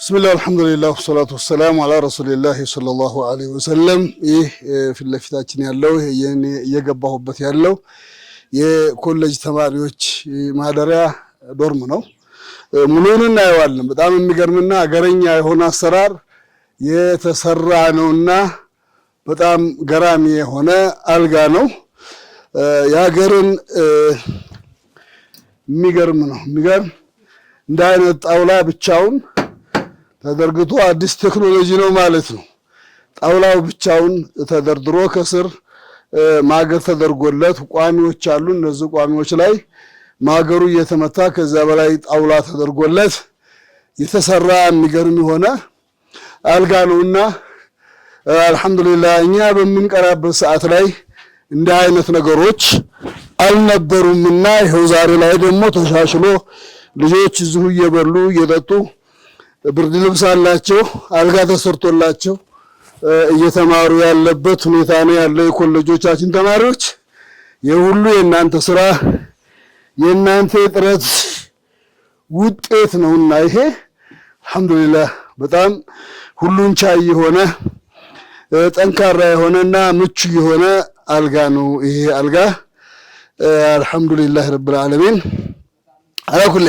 ብስሚላህ አልሐምዱሊላህ ወሰላቱ ወሰላም አላ ረሱሊላህ ሰለላሁ አለይሂ ወሰለም። ይህ eh, ፊት ለፊታችን ያለው እየገባሁበት ያለው የኮሌጅ ተማሪዎች eh, ማደሪያ ዶርም ነው። eh, ሙሉን እናየዋለን። በጣም የሚገርምና አገረኛ የሆነ አሰራር የተሰራ ነውና በጣም ገራሚ የሆነ አልጋ ነው። የሀገርን የሚገርም ነው የሚገርም እንደ አይነት ጣውላ ብቻውን ተዘርግቶ አዲስ ቴክኖሎጂ ነው ማለት ነው። ጣውላው ብቻውን ተደርድሮ ከስር ማገር ተደርጎለት ቋሚዎች አሉ። እነዚህ ቋሚዎች ላይ ማገሩ እየተመታ ከዛ በላይ ጣውላ ተደርጎለት የተሰራ የሚገርም የሆነ አልጋ ነውና አልሐምዱሊላህ እኛ በምንቀራበት ሰዓት ላይ እንዲህ አይነት ነገሮች አልነበሩምና ይኸው ዛሬ ላይ ደግሞ ተሻሽሎ ልጆች እዚሁ እየበሉ እየጠጡ ብርድ ልብስ አላቸው፣ አልጋ ተሰርቶላቸው እየተማሩ ያለበት ሁኔታ ነው ያለው። የኮሌጆቻችን ተማሪዎች የሁሉ የእናንተ ስራ የእናንተ የጥረት ውጤት ነውና ይሄ አልሐምዱሊላህ በጣም ሁሉን ቻይ የሆነ ጠንካራ የሆነና ምቹ የሆነ አልጋ ነው። ይሄ አልጋ አልሐምዱሊላህ ረብል ዓለሚን አላኩል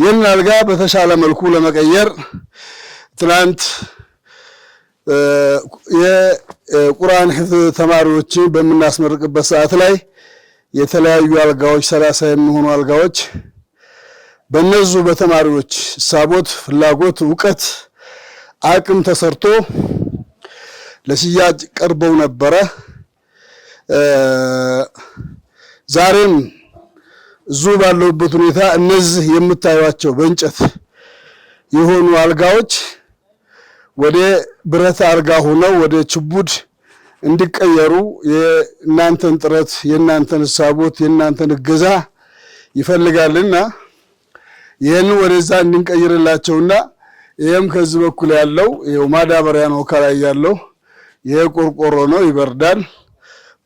ይህንን አልጋ በተሻለ መልኩ ለመቀየር ትናንት የቁርአን ህፍ ተማሪዎችን በምናስመርቅበት ሰዓት ላይ የተለያዩ አልጋዎች ሰላሳ የሚሆኑ አልጋዎች በነዙ በተማሪዎች ሳቦት፣ ፍላጎት፣ እውቀት፣ አቅም ተሰርቶ ለሽያጭ ቀርበው ነበረ። ዛሬም እዙ ባለሁበት ሁኔታ እነዚህ የምታዩቸው በእንጨት የሆኑ አልጋዎች ወደ ብረት አልጋ ሆነው ወደ ችቡድ እንዲቀየሩ የእናንተን ጥረት የእናንተን ሳቦት የእናንተን እገዛ ይፈልጋልና ይህንን ወደዛ እንድንቀይርላቸውና ይህም ከዚህ በኩል ያለው ይኸው ማዳበሪያ ነው። ከላይ ያለው ይሄ ቆርቆሮ ነው፣ ይበርዳል።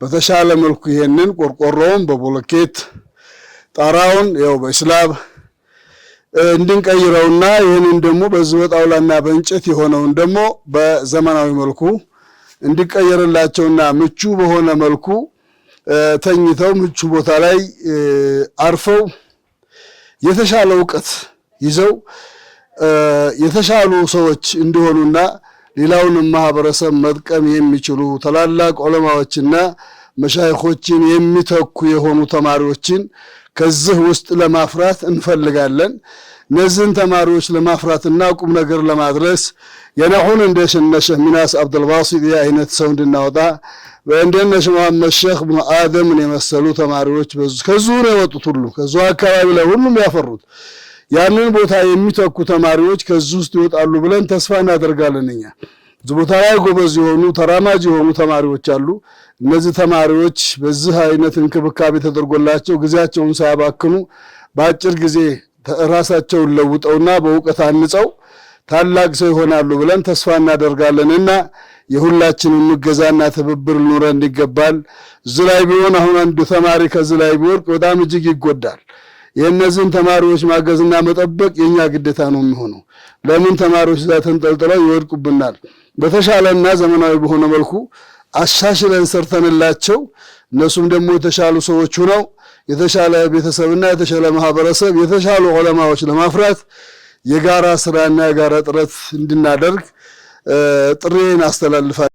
በተሻለ መልኩ ይሄንን ቆርቆሮውን በቦሎኬት ጣራውን ያው በስላብ እንድንቀይረውና ይህንን ደግሞ በዚህ በጣውላና በእንጨት የሆነውን ደግሞ በዘመናዊ መልኩ እንዲቀየርላቸውና ምቹ በሆነ መልኩ ተኝተው ምቹ ቦታ ላይ አርፈው የተሻለ እውቀት ይዘው የተሻሉ ሰዎች እንዲሆኑና ሌላውንም ማህበረሰብ መጥቀም የሚችሉ ታላላቅ ዑለማዎችና መሻይኮችን የሚተኩ የሆኑ ተማሪዎችን ከዚህ ውስጥ ለማፍራት እንፈልጋለን። እነዚህን ተማሪዎች ለማፍራትና ቁም ነገር ለማድረስ የነሑን እንደ ሸህ ሚናስ አብዱልባሲጥ የአይነት ሰው እንድናወጣ እንደነሽ መሐመድ ሸክ ብኑ አደምን የመሰሉ ተማሪዎች ከዚሁ ነው የወጡት። ሁሉ ከዙ አካባቢ ላይ ሁሉም ያፈሩት ያንን ቦታ የሚተኩ ተማሪዎች ከዚህ ውስጥ ይወጣሉ ብለን ተስፋ እናደርጋለን እኛ ቦታ ላይ ጎበዝ የሆኑ ተራማጅ የሆኑ ተማሪዎች አሉ። እነዚህ ተማሪዎች በዚህ አይነት እንክብካቤ ተደርጎላቸው ጊዜያቸውን ሳያባክኑ በአጭር ጊዜ ራሳቸውን ለውጠውና በእውቀት አንጸው ታላቅ ሰው ይሆናሉ ብለን ተስፋ እና የሁላችን እገዛና ትብብር ኑረን ይገባል። እዚህ ላይ ቢሆን አሁን አንዱ ተማሪ ከዚህ ላይ ቢወርቅ በጣም እጅግ ይጎዳል። የእነዚህን ተማሪዎች ማገዝና መጠበቅ የእኛ ግዴታ ነው የሚሆነው። ለምን ተማሪዎች እዛ ተንጠልጥለው ይወድቁብናል? በተሻለና ዘመናዊ በሆነ መልኩ አሻሽለን ሰርተንላቸው እነሱም ደግሞ የተሻሉ ሰዎች ሆነው የተሻለ ቤተሰብና የተሻለ ማህበረሰብ የተሻሉ ዑለማዎች ለማፍራት የጋራ ስራና የጋራ ጥረት እንድናደርግ ጥሬን አስተላልፋል።